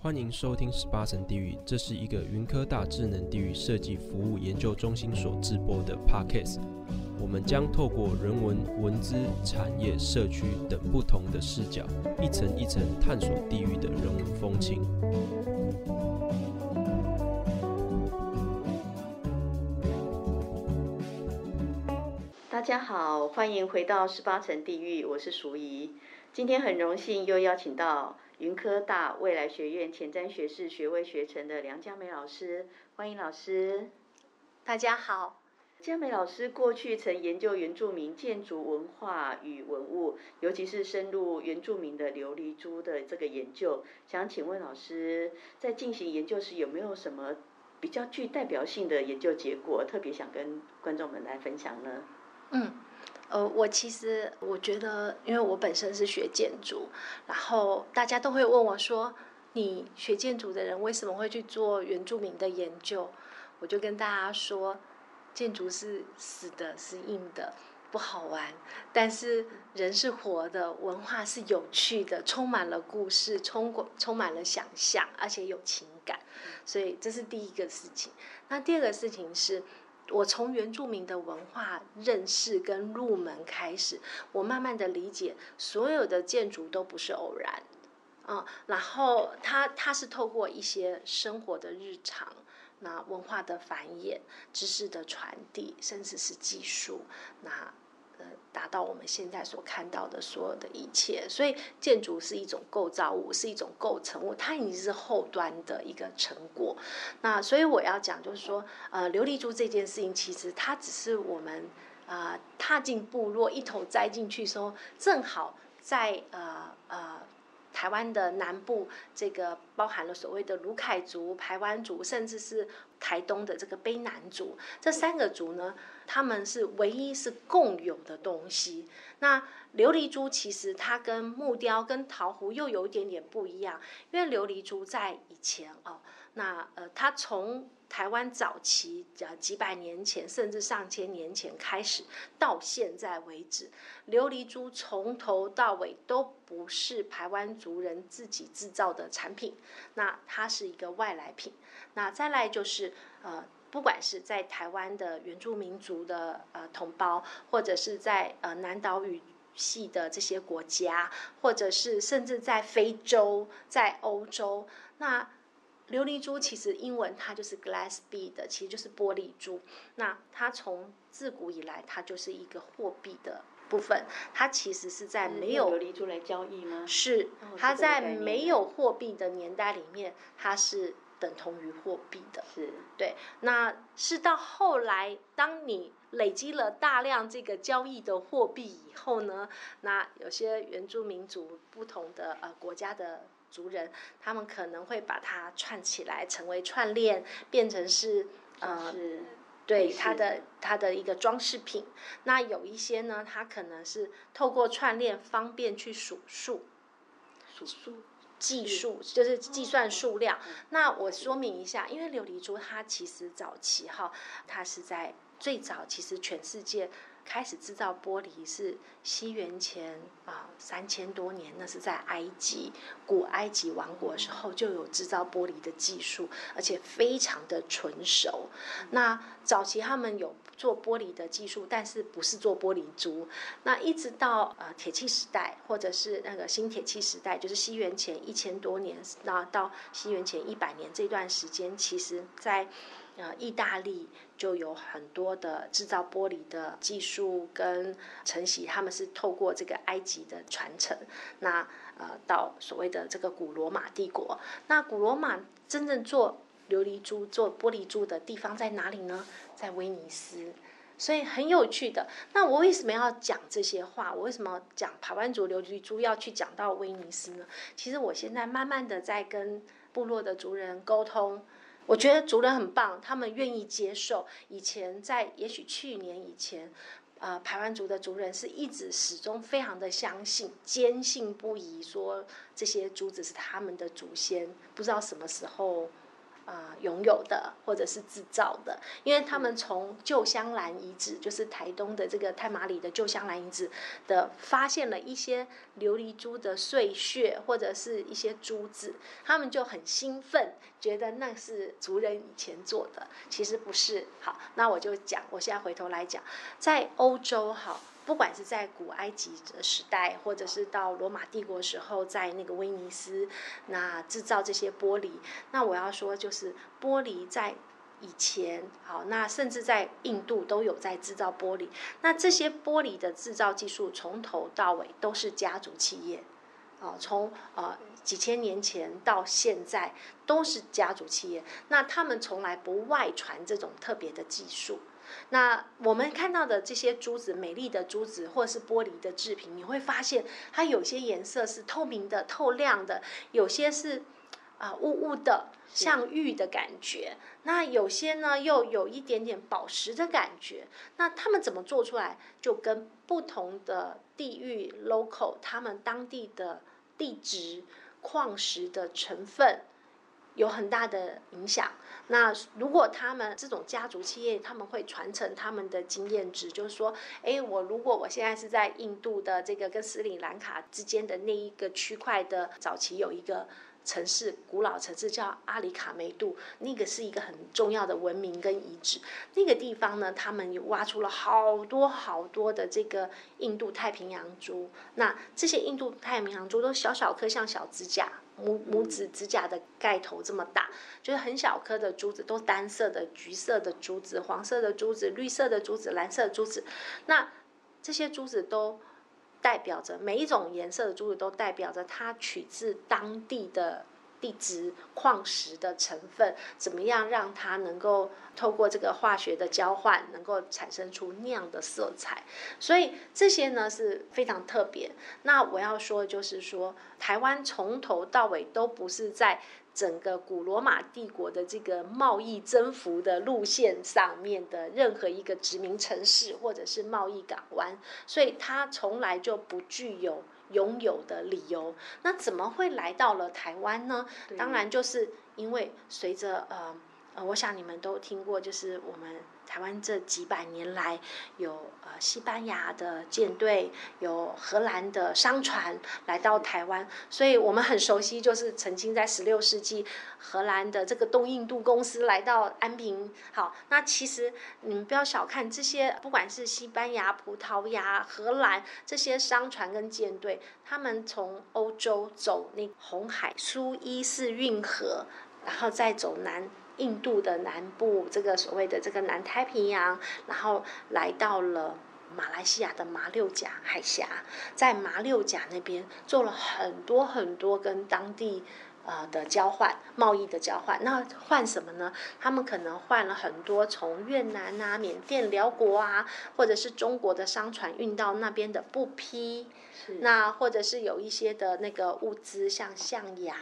歡迎收聽《十八層地獄》，這是一個雲科大智能地獄設計服務研究中心所制播的 Podcast。我們將透過人文、文資、產業、社區等不同的視角，一層一層探索地獄的人文風情。大家好，歡迎回到《十八層地獄》，我是淑怡。今天很榮幸又邀請到雲科大未來學院前瞻學士學位學程的梁佳美老師，歡迎老師。大家好，佳美老師過去曾研究原住民建築文化與文物，尤其是深入原住民的琉璃珠的這個研究。想請問老師，在進行研究時有沒有什麼比較具代表性的研究結果，特別想跟觀眾們來分享呢？嗯。呃，我其實我覺得，因為我本身是學建築，然後大家都會問我說：“你學建築的人為什麼會去做原住民的研究？”我就跟大家說，建築是死的，是硬的，不好玩；但是人是活的，文化是有趣的，充滿了故事，充過，充滿了想象，而且有情感。所以這是第一個事情。那第二個事情是。我從原住民的文化認識跟入門開始，我慢慢的理解，所有的建築都不是偶然，啊、嗯，然後它它是透過一些生活的日常，那文化的繁衍、知識的傳遞，甚至是技術，那。達到我們現在所看到的所有的一切，所以建築是一種構造物，是一種構成物，它已經是後端的一個成果。那所以我要講，就是說，呃，琉璃珠這件事情，其實它只是我們啊、呃、踏進部落一頭栽進去時候，正好在呃呃。呃台灣的南部，這個包含了所謂的魯凱族、排灣族，甚至是台東的這個卑南族，這三個族呢，他們是唯一是共有的東西。那琉璃珠其實它跟木雕、跟陶壺又有一點點不一樣，因為琉璃珠在以前哦，那呃它從。台灣早期，呃，幾百年前甚至上千年前開始，到現在為止，琉璃珠從頭到尾都不是台灣族人自己制造的產品，那它是一個外來品。那再來就是，呃，不管是在台灣的原住民族的呃同胞，或者是在呃南島語系的這些國家，或者是甚至在非洲、在歐洲，那琉璃珠其實英文它就是 glass bead 的，其實就是玻璃珠。那它從自古以來，它就是一個貨幣的部分。它其實是在沒有，嗯，有琉璃珠來交易嗎？是它，它在沒有貨幣的年代裡面，它是等同於貨幣的。是，對，那是到後來，當你累積了大量這個交易的貨幣以後呢，那有些原住民族不同的呃國家的。族人，他們可能會把它串起來，成為串鏈，變成是，呃，對它的它的一個裝飾品。那有一些呢，它可能是透過串鏈方便去數數，數數，計數就是計算數量。哦，那我說明一下，嗯，因為琉璃珠它其實早期哈，它是在最早其實全世界。開始製造玻璃是西元前啊、呃、三千多年，那是在埃及古埃及王國時候就有製造玻璃的技術，而且非常的純熟。那早期他們有做玻璃的技術，但是不是做玻璃珠。那一直到呃鐵器時代，或者是那個新鐵器時代，就是西元前一千多年，那到西元前一百年這段時間，其實在。呃，意大利就有很多的製造玻璃的技術跟承襲，他們是透過這個埃及的傳承。那呃，到所謂的這個古羅馬帝國，那古羅馬真正做琉璃珠、做玻璃珠的地方在哪裡呢？在威尼斯。所以很有趣的。那我為什麼要講這些話？我為什麼要講排灣族琉璃珠要去講到威尼斯呢？其實我現在慢慢的在跟部落的族人溝通。我覺得族人很棒，他們願意接受。以前在，也許去年以前，啊、呃，排灣族的族人是一直始終非常的相信，堅信不疑，說這些珠子是他們的祖先。不知道什麼時候。啊、呃，擁有的或者是製造的，因為他們從舊香蘭遺址，就是台東的這個太麻里的舊香蘭遺址的發現了一些琉璃珠的碎屑或者是一些珠子，他們就很興奮，覺得那是族人以前做的，其實不是。好，那我就講，我現在回頭來講，在歐洲，哈。不管是在古埃及的時代，或者是到羅馬帝國的時候，在那個威尼斯，那製造這些玻璃。那我要說就是，玻璃在以前，好，那甚至在印度都有在製造玻璃。那這些玻璃的製造技術，從頭到尾都是家族企業，啊，從呃幾千年前到現在都是家族企業。那他們從來不外傳這種特別的技術。那我們看到的這些珠子，美麗的珠子，或是玻璃的製品，你會發現它有些顏色是透明的、透亮的，有些是啊霧霧的，像玉的感覺。那有些呢，又有一點點寶石的感覺。那他們怎麼做出來？就跟不同的地域 local，他們當地的地質、礦石的成分，有很大的影響。那如果他們這種家族企業，他們會傳承他們的經驗值，就是說，哎，我如果我現在是在印度的這個跟斯里蘭卡之間的那一個區塊的早期，有一個城市，古老城市叫阿裡卡梅杜，那個是一個很重要的文明跟遺址。那個地方呢，他們又挖出了好多好多的這個印度太平洋珠。那這些印度太平洋珠都小小顆，像小指甲。拇拇指指甲的蓋頭這麼大，就是很小顆的珠子，都單色的，橘色的珠子、黃色的珠子、綠色的珠子、藍色的珠子。那這些珠子都代表着每一種顏色的珠子都代表着它取自當地的。地質礦石的成分怎麼樣讓它能夠透過這個化學的交換，能夠產生出那樣的色彩？所以這些呢是非常特別。那我要說的就是說，台灣從頭到尾都不是在整個古羅馬帝國的這個貿易征服的路線上面的任何一個殖民城市或者是貿易港灣，所以它從來就不具有。擁有的理由，那怎麼會來到了台灣呢？當然，就是因為隨着呃，呃，我想你們都聽過，就是我們。臺灣這幾百年來，有呃西班牙的艦隊，有荷蘭的商船來到臺灣，所以我們很熟悉，就是曾經在十六世紀，荷蘭的這個東印度公司來到安平。好，那其實你們不要小看這些，不管是西班牙、葡萄牙、荷蘭這些商船跟艦隊，他們從歐洲走那紅海、蘇伊士運河，然後再走南。印度的南部，這個所謂的這個南太平洋，然後來到了馬來西亞的馬六甲海峽，在馬六甲那邊做了很多很多跟當地，呃的交換，貿易的交換，那換什麼呢？他們可能換了很多從越南啊、緬甸、寮國啊，或者是中國的商船運到那邊的布匹，那或者是有一些的那個物資，像象牙、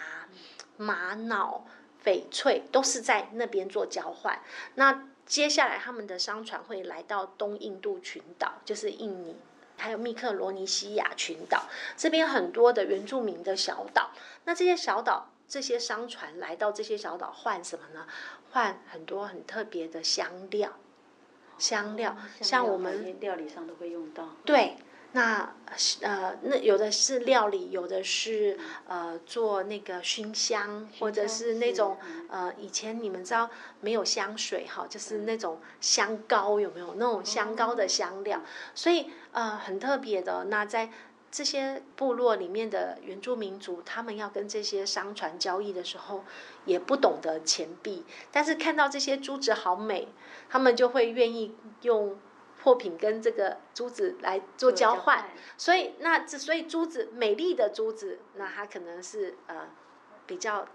瑪瑙。翡翠，都是在那邊做交換。那接下來他們的商船會來到東印度群島，就是印尼，還有密克羅尼西亞群島這邊很多的原住民的小島。那這些小島，這些商船來到這些小島換什麼呢？換很多很特別的香料，香料，香料，像我們料理上都會用到。對。那，呃，那有的是料理，有的是呃做那個燻香，燻香，或者是那種是、嗯、呃以前你們知道沒有香水哈，就是那種香膏有沒有？那種香膏的香料，嗯、所以呃很特別的、哦。那在這些部落裡面的原住民族，他們要跟這些商船交易的時候，也不懂得錢幣，但是看到這些珠子好美，他們就會願意用。貨品跟這個珠子來做交換，所以那這所以珠子美麗的珠子，那它可能是呃比較。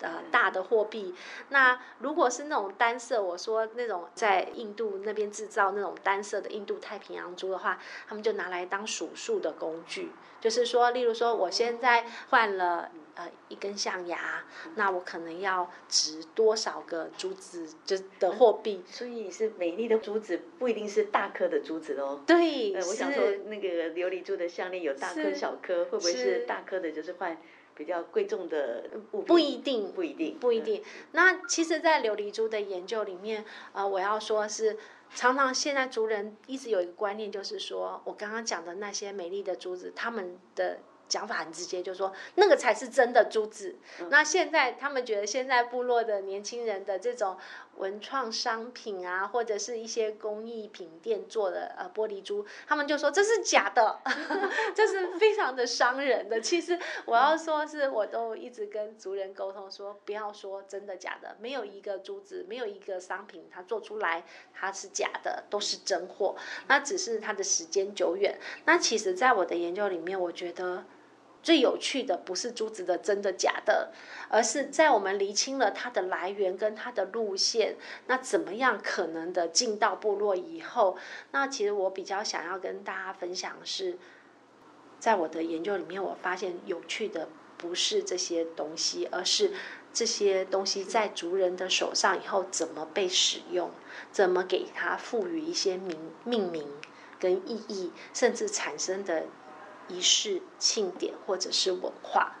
呃，大的貨幣。那如果是那種單色，我說那種在印度那邊製造那種單色的印度太平洋珠的話，他們就拿來當數數的工具。就是說，例如說，我現在換了呃一根象牙，那我可能要值多少個珠子，就的貨幣？所以是美麗的珠子，不一定是大顆的珠子哦。對、呃，我想說那個琉璃珠的項鏈有大顆小顆，會不會是大顆的，就是換？比較貴重的物，不一定，不一定，不一定。嗯、那其實，在琉璃珠的研究裡面，呃，我要說是，常常現在族人一直有一個觀念，就是說我剛剛講的那些美麗的珠子，他們的講法很直接，就是說那個才是真的珠子。嗯、那現在他們覺得，現在部落的年輕人的這種。文創商品啊，或者是一些工藝品店做的呃玻璃珠，他們就說這是假的， 這是非常的傷人的。其實我要說是，我都一直跟族人溝通說，說不要說真的假的，沒有一個珠子，沒有一個商品，它做出來它是假的，都是真貨。那只是它的時間久遠。那其實，在我的研究裡面，我覺得。最有趣的不是珠子的真的假的，而是在我們理清了它的來源跟它的路線，那怎麼樣可能的進到部落以後，那其實我比較想要跟大家分享的是，在我的研究裡面，我發現有趣的不是這些東西，而是這些東西在族人的手上以後怎麼被使用，怎麼給它賦予一些名命，命名跟意義，甚至產生的，儀式、慶典或者是文化。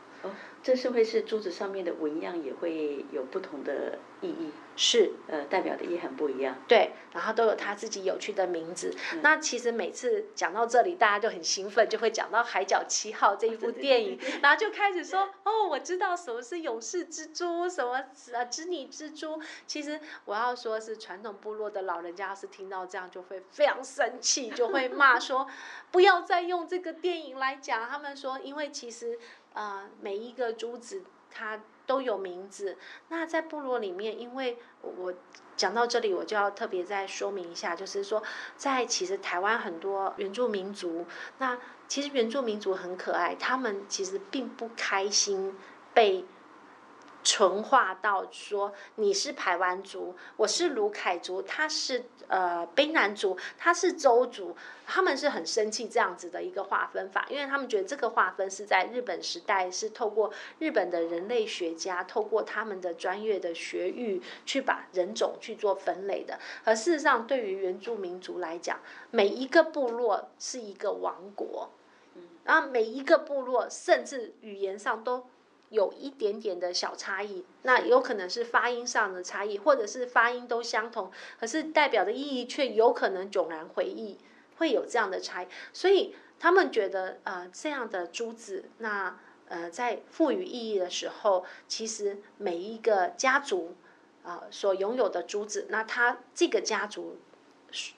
這是會是珠子上面的紋樣也會有不同的意義，是呃，代表的意涵很不一樣。對，然後都有他自己有趣的名字。嗯、那其實每次講到這裡，大家就很興奮，就會講到《海角七號》這一部電影，哦、對對對對，然後就開始說對對對哦，我知道什麼是勇士之珠，什麼呃，織女之珠。其實我要說是傳統部落的老人家，要是聽到這樣就會非常生氣，就會罵說 不要再用這個電影來講。他們說，因為其實。呃，每一個珠子它都有名字。那在部落裡面，因為我講到這裡，我就要特別再說明一下，就是說，在其實台灣很多原住民族，那其實原住民族很可愛，他們其實並不開心被。純化到說，你是排灣族，我是盧凱族，他是呃卑南族，他是鄒族，他們是很生氣這樣子的一個劃分法，因為他們覺得這個劃分是在日本時代，是透過日本的人類學家，透過他們的專業的學域去把人種去做分類的。而事實上，對於原住民族來講，每一個部落是一個王國，嗯，然後每一個部落甚至語言上都。有一點點的小差異，那有可能是發音上的差異，或者是發音都相同，可是代表的意義卻有可能迥然回憶，會有這樣的差異。所以他們覺得，呃，這樣的珠子，那呃，在賦予意義的時候，其實每一個家族啊，呃，所擁有的珠子，那它這個家族。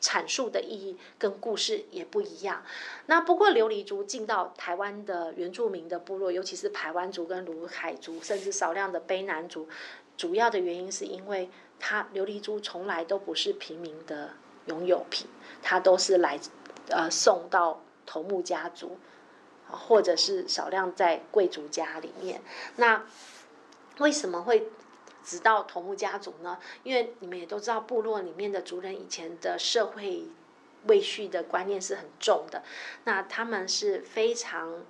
闡述的意義跟故事也不一樣。那不過琉璃珠進到台灣的原住民的部落，尤其是排灣族跟魯凱族，甚至少量的卑南族，主要的原因是因為它琉璃珠從來都不是平民的擁有品，它都是來呃送到頭目家族，或者是少量在貴族家裡面。那為什麼會？直到頭目家族呢，因為你們也都知道，部落裡面的族人以前的社會位序的觀念是很重的，那他們是非常、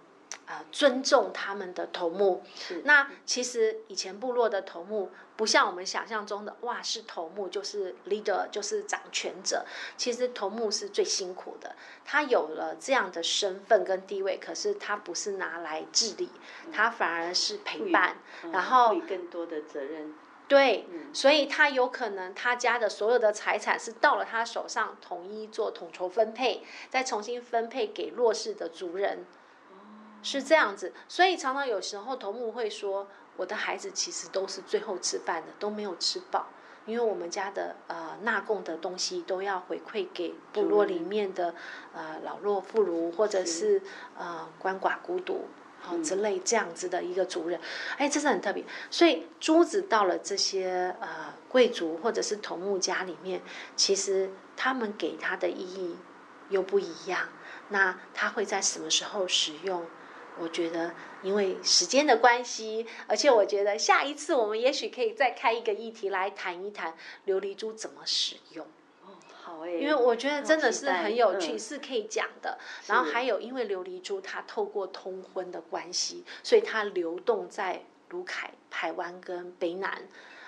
呃、尊重他們的頭目。那其實以前部落的頭目不像我們想象中的哇，是頭目就是 leader 就是掌權者。其實頭目是最辛苦的，他有了這樣的身份跟地位，可是他不是拿來治理，他反而是陪伴，嗯嗯、然後更多的責任。對、嗯，所以他有可能他家的所有的財產是到了他手上，統一做統籌分配，再重新分配給弱勢的族人、嗯，是這樣子。所以常常有時候頭目會說，我的孩子其實都是最後吃飯的，都沒有吃飽，因為我們家的呃納貢的東西都要回饋給部落裡面的、嗯、呃老弱婦孺，或者是，是呃鰥寡孤獨。哦，之類這樣子的一個主人，哎、嗯欸，這是很特別。所以珠子到了這些呃貴族或者是頭目家裡面，其實他們給它的意義又不一樣。那它會在什麼時候使用？我覺得因為時間的關係，而且我覺得下一次我們也許可以再開一個議題來談一談琉璃珠怎麼使用。因為我覺得真的是很有趣，嗯、是可以講的。然後還有，因為琉璃珠它透過通婚的關係，所以它流動在魯凱、排灣跟卑南。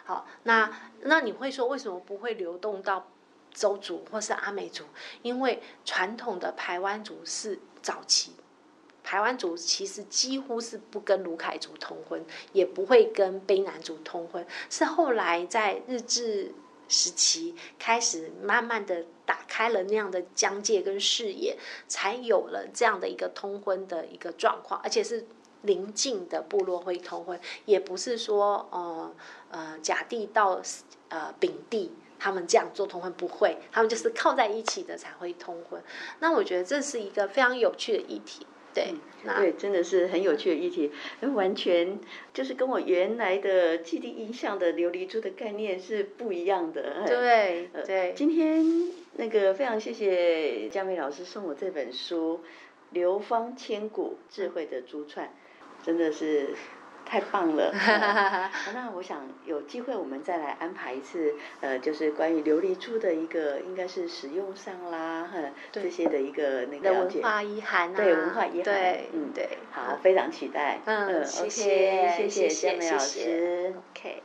好，那那你會說為什麼不會流動到鄒族或是阿美族？因為傳統的排灣族是早期，排灣族其實幾乎是不跟魯凱族通婚，也不會跟卑南族通婚，是後來在日治。時期開始，慢慢的打開了那樣的疆界跟視野，才有了這樣的一個通婚的一個狀況，而且是鄰近的部落會通婚，也不是說呃呃甲地到呃丙地，他們這樣做通婚不會，他們就是靠在一起的才會通婚。那我覺得這是一個非常有趣的議題。對，對，真的是很有趣的議題，完全就是跟我原來的既定印象的琉璃珠的概念是不一樣的。對對、呃，今天那個非常謝謝佳美老師送我這本書，《流芳千古智慧的珠串》，真的是。太棒了，嗯 啊！那我想有機會我們再來安排一次，呃，就是關於琉璃珠的一個，應該是使用上啦，哼、嗯，這些的一個那個文化意涵，啊、對，文化意涵，嗯，對嗯好，好，非常期待，嗯，嗯 okay, 謝謝，謝謝，佳美老師謝謝謝謝，okay